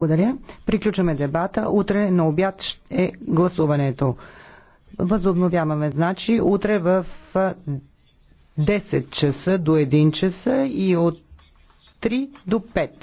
Благодаря. Приключваме дебата. Утре на обяд е гласуването. Възобновяваме, значи, утре в 10 часа до 1 часа и от 3 до 5.